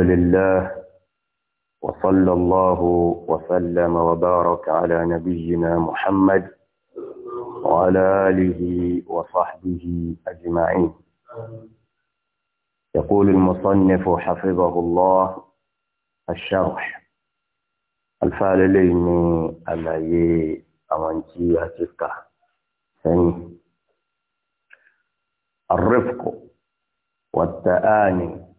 لله وصلى الله وسلم وبارك على نبينا محمد وعلى آله وصحبه أجمعين يقول المصنف حفظه الله الشرح الفعل لين أمي أمانتي أتكا الرفق والتآني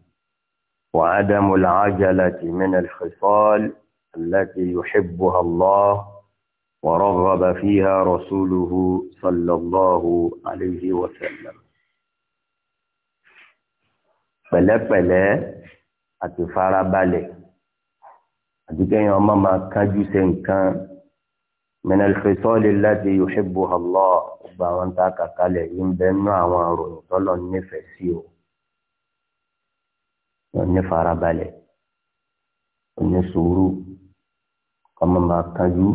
وعدم العجلة من الخصال التي يحبها الله ورغب فيها رسوله صلى الله عليه وسلم فلبلا أتفارا بالي أتكين أماما كاجو سنكان من الخصال التي يحبها الله وبعوان تاكا كالي إن بنو عوان رو طلو ní farabalẹ̀ ní sùúrù ọmọ máa kájú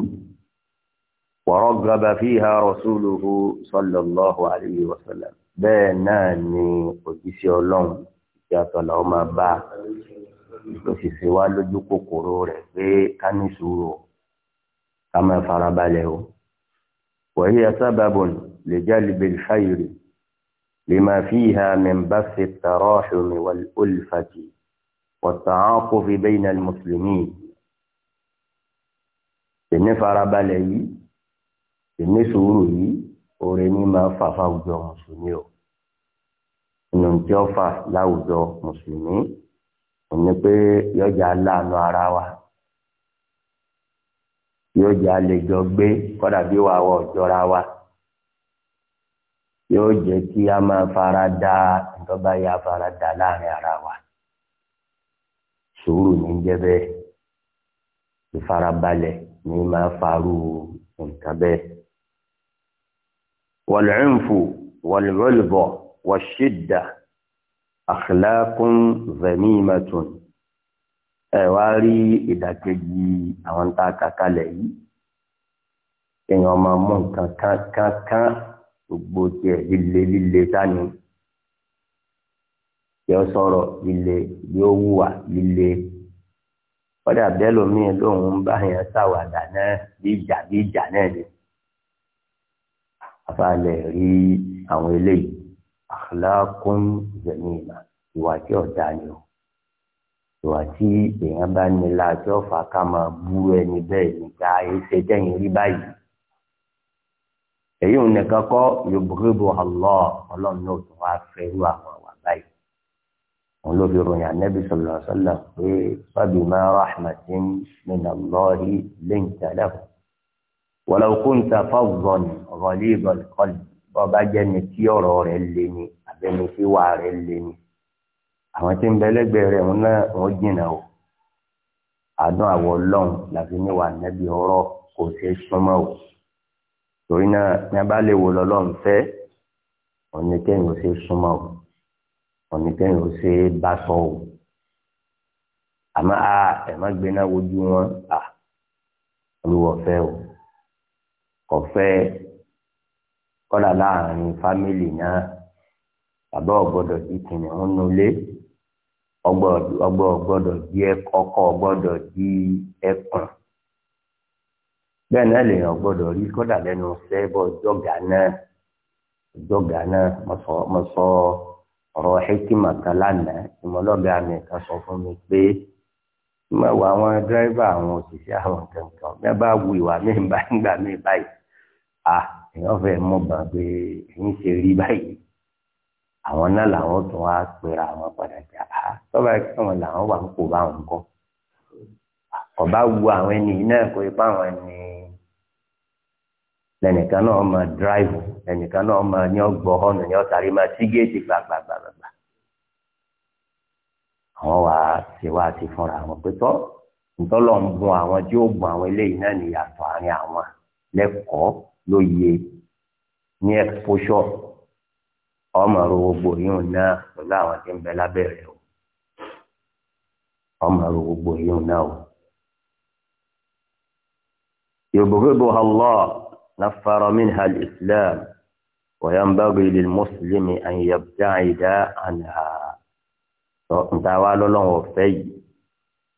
wọ̀rọ̀ gbaba fi ha rasuluhu sallallahu alayhi wa sallam bẹ́ẹ̀ náà ni òjíṣẹ́ ọlọ́run ìṣe àtọ̀là ọmọ bá òṣìṣẹ́ wa lójú kòkòrò rẹ̀ pé ká ní sùúrù ká máa farabalẹ̀ o wọ̀nyí ẹ sábàbọ̀n lè jẹ́ libil khayri. لما فيها من بث التراحم والألفة والتعاطف بين المسلمين ìní farabalẹ̀ yìí ìní sùúrù yìí oore ní máa fà fáwùjọ mùsùlùmí o inú tí ó fà láwùjọ mùsùlùmí òní pé yọjà láàánú ara wa yọjà lè jọ gbé kọ́dà bí wàá wọ̀ jọra wa yóò jẹ́ kí a máa fara da ìtọ́ba ya fara da láàrin ara wa sùúrù ní jẹ́ bẹ́ẹ̀ ìfarabalẹ̀ ní máa farú nǹkan bẹ́ẹ̀. والعنف والغلظة والشدة أخلاق ذميمة ẹ wá rí ìdàkejì àwọn tá a kà kalẹ̀ yìí èèyàn máa mú nǹkan kankan gbogbo tiẹ̀ líle líle sani tí ó sọ̀rọ̀ líle yóò wùwà líle kọ́dà bẹ́ẹ̀ lómi lóun bá yẹn ṣàwàdà náà bí ìjà bí ìjà náà ni afaalẹ̀ rí àwọn eléyìí akhlaqun zamima ìwà tí ọ̀dà ni o ìwà tí èèyàn bá nílá tí ó ká máa bú ẹni bẹ́ẹ̀ nígbà ẹsẹ̀ tẹ̀yìn rí báyìí èyí ò nìkan kọ́ yorùbá Allah ọlọ́run náà tó wá fẹ́ irú àwọn àwà báyìí òun ló fi ròyìn ànábì sallallahu alaihi wasallam pé fabima rahmatin min Allahi linta lahum walau kunta faddan ghalibal qalbi bọ́ba jẹ́ni tí ọ̀rọ̀ rẹ̀ lé ni abẹ́ni tí wà rẹ̀ lé ni àwọn tí ń bẹ lẹ́gbẹ̀ẹ́ rẹ̀ wọn náà wọ́n jìnnà o àdán àwọ̀ ọlọ́run làfi níwà ànábì ọ̀rọ̀ kò ṣeé súnmọ́ o torí náà ní a bá lè wò lọ́lọ́run fẹ́ ọ̀nì kẹ́yìn ó ṣe súnmọ́ o ọ̀nì kẹ́yìn ó ṣe bá sọ o àmọ́ a ẹ̀ má gbéná wojú wọn à olúwọ̀ fẹ́ o kò fẹ́ kọ́dà láàrin fámìlì náà bàbá ọ̀gbọ́dọ̀ di kìnìún nulẹ̀ ọgbọ́dọ̀ di ọkọ̀ ọgbọ́dọ̀ di ẹkùn bẹ́ẹ̀ náà lèèyàn gbọ́dọ̀ rí kọ́dà lẹ́nu sẹ́bọ̀ jọ́gà náà jọ́gà náà mo sọ ọ̀rọ̀ hekima kan lánàá ìmọ̀lọ́gà mi kan sọ fún mi pé mọ̀wá àwọn dírẹ́fà àwọn òṣìṣẹ́ àwọn kankan bẹ́ẹ̀ bá wu ìwà mi bá ń gbà mí báyìí à èèyàn fẹ́ mọ̀ bá pé èyí ṣe rí báyìí àwọn náà làwọn tún wá pera àwọn padà jà á tọ́ba ẹ̀ka wọn làwọn wà ń kó báwọn kọ́ ọba wu àwọn ẹni yìí náà kó ipa àwọn ẹni lẹnìkan náà máa dráìvù lẹnìkan náà máa ní ọgbọ ọ̀nà ní ọ̀tàrí máa sí géètì gbàgbàgbàgbà àwọn wà á ṣe wá ti fúnra àwọn pé tọ́ ntọ́lọ̀ ń bun àwọn tí ó bun àwọn eléyìí náà níyàtọ̀ àárín àwọn lẹ́kọ̀ọ́ lóye ní exposure ọmọ rówó gbòòyìn náà pẹ̀lú àwọn tí ń bẹ lábẹ́rẹ́ o ọmọ rówó gbòòyìn náà o. يبغضها الله نفر منها الإسلام وينبغي للمسلم أن يبتعد عنها ntàwa lọ́lọ́wọ́ fẹ́ yìí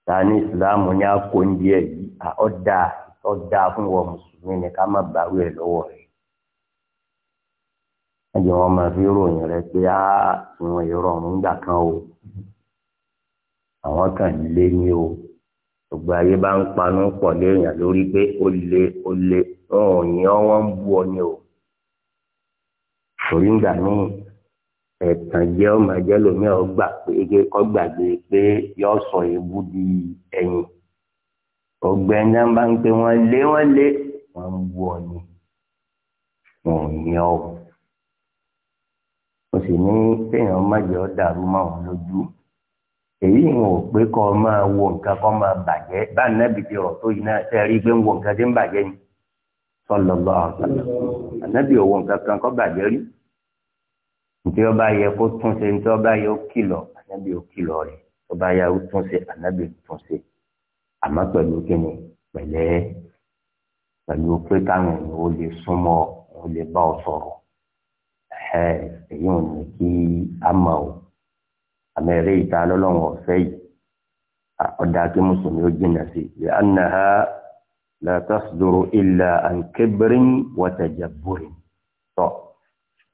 ta ní ìsìláàmù ní àkóńdí ẹ̀ yìí ọ̀dà ọ̀dà fún wọn mùsùlùmí ni ká má bàwí ẹ̀ lọ́wọ́ rẹ̀. ẹ̀jẹ̀ wọn máa fi ròyìn rẹ pé á ìwọ̀n ìrọ̀rùn gbà kan o àwọn kan lé ní o gbogbo ayé bá ń panu pọ̀ léèyàn lórí pé ó le ó le ọ̀hún ni wọ́n ń bú ọ ni o torí ńgbà míì ẹ̀tàn jẹ́ ọmọ ẹ̀jẹ̀ lómi ọgbà pé ọgbàgbé pé yọ sọ ebú di ẹ̀yìn ọgbẹ́ náà bá ń pe wọ́n lé wọ́n lé wọ́n ń bú ọ ni wọn ò ní ọ mo sì ní kéèyàn má jẹ́ ọ dàrú mọ́ wọn lójú èyí wọn ò pé kọ́ máa wo nǹkan kọ́ máa bàjẹ́ bá nàbì ti rọ̀ tó yìí náà ṣe rí i pé ń wo nǹkan tí ń bàjẹ́ yìí sọlọ́lọ́ ọ̀sọ̀lọ́ ànábì ò wo nǹkan kan kọ́ bàjẹ́ rí ntí ọba yẹ kó tún ṣe ntí ọba yẹ ó kìlọ̀ ànábì ó kìlọ̀ rẹ̀ ọba yẹ ó tún ṣe ànábì tún ṣe àmọ́ pẹ̀lú kíni pẹ̀lẹ́ pẹ̀lú pé káwọn èèyàn ó lè súnmọ́ ó lè bá ọ sọ̀rọ̀ èyí ò ní kí á mọ̀ ọ́ àmẹ́rẹ́ ìta lọ́lọ́run ọ̀fẹ́ yìí ọ̀dà kí mùsùlùmí ó jìnà sí i annaha la tasduru illa an kibrin wa tajabburin tọ́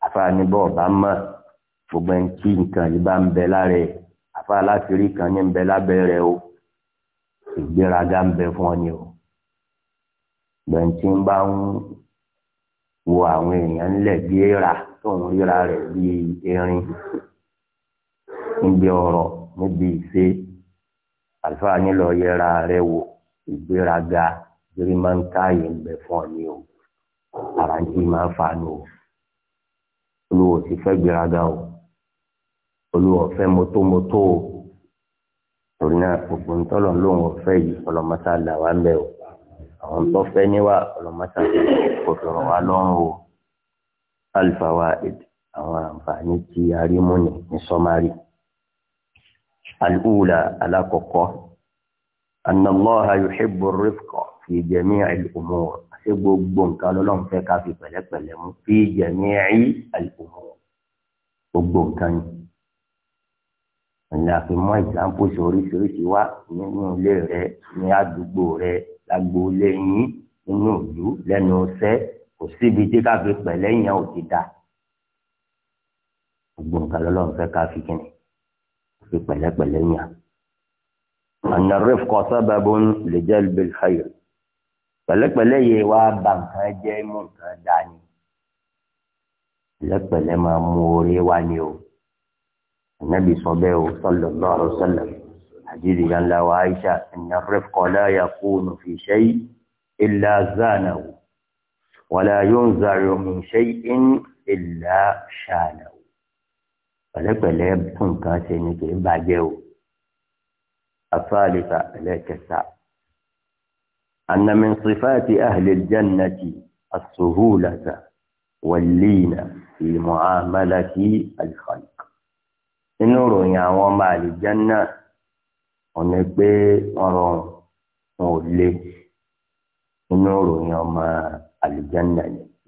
àfààní bọ́ ọ̀bá mọ́ gbogbo ẹni tí nǹkan yìí bá ń bẹ lára ẹ̀ àfàá láti rí kan ní ń bẹ lábẹ́ rẹ̀ o ìgbéraga ń bẹ fún ọ ni o gbẹ̀ntì ń bá ń wo àwọn èèyàn ńlẹ̀ bí èèrà tó ń ríra rẹ̀ bí erin níbi ọ̀rọ̀ níbi ìṣe àlùfáà yín lọ yẹra rẹ wò ìgbéraga lórí máa ń káàyè ń bẹ fún ọ ní o ara ń tí máa ń fa nù o olùwò sì fẹ́ gbéraga o olùwò fẹ́ mọ́tòmọ́tò o torí náà gbogbo ń tọ́lọ̀ lóun ọ̀fẹ́ yìí ọlọ́mọta là wá ń bẹ o àwọn tó fẹ́ níwà ọlọ́mọta kò sọ̀rọ̀ wá lọ́rùn o alifáwa àwọn àǹfààní tí a rí mú ní sọ́márì al'ula alákọ̀ọ́kọ́ anallaha yuhibbu rifqa fi jami'il umur ṣé gbogbo nǹkan lọ́lọ́run fẹ́ ká fi pẹ̀lẹ́pẹ̀lẹ́ mú fi jami'il umur gbogbo nǹkan ni ìyá fi mọ examples oríṣiríṣi wá nínú ilé rẹ ní àdúgbò rẹ lágbo lẹ́yìn nínú ìlú lẹ́nu ọ̀sẹ̀ kò síbi tí ká fi pẹ̀lẹ́ ò ti dà gbogbo nǹkan lọ́lọ́run fẹ́ ká fi kíni fi pẹ̀lẹ́pẹ̀lẹ́ yàn. ọ̀nà rifkọ sababun li jalbil khair pẹ̀lẹ́pẹ̀lẹ́ yìí wá ba nǹkan jẹ́ mú nǹkan dáa ni pẹ̀lẹ́pẹ̀lẹ́ máa mú orí wá ni o ànábì sọ bẹ́ẹ̀ o sallallahu alaihi wasallam àdìrí yàn láwa Aisha ọ̀nà rifkọ la yakunu fi shay illa zanahu wala yunzaru min shay'in illa shanahu pẹ̀lẹ́pẹ̀lẹ́ fún nǹkan ṣe ni kì í bàjẹ́ o afáàlìkà ẹlẹ́kẹta anamin sifaati ahli jannati asuhulata wàlíìnà fi mu'amalati al-khalq inú ròyìn àwọn ọmọ àlìjánná ọ̀nà pé wọ́n rọrùn wọn ò lé inú ròyìn ọmọ àlìjánná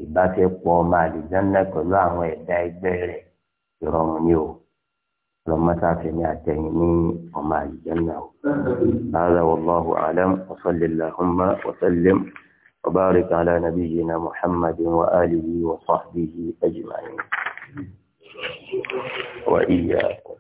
ìbáṣepọ̀ ọmọ àlìjánná pẹ̀lú àwọn ẹ̀dá ẹgbẹ́ rẹ̀ ìrọ̀rùn ni o لمتعتني أتيني ومع الجنة هذا والله أعلم وصل اللهم وسلم وبارك على نبينا محمد وآله وصحبه أجمعين وإياكم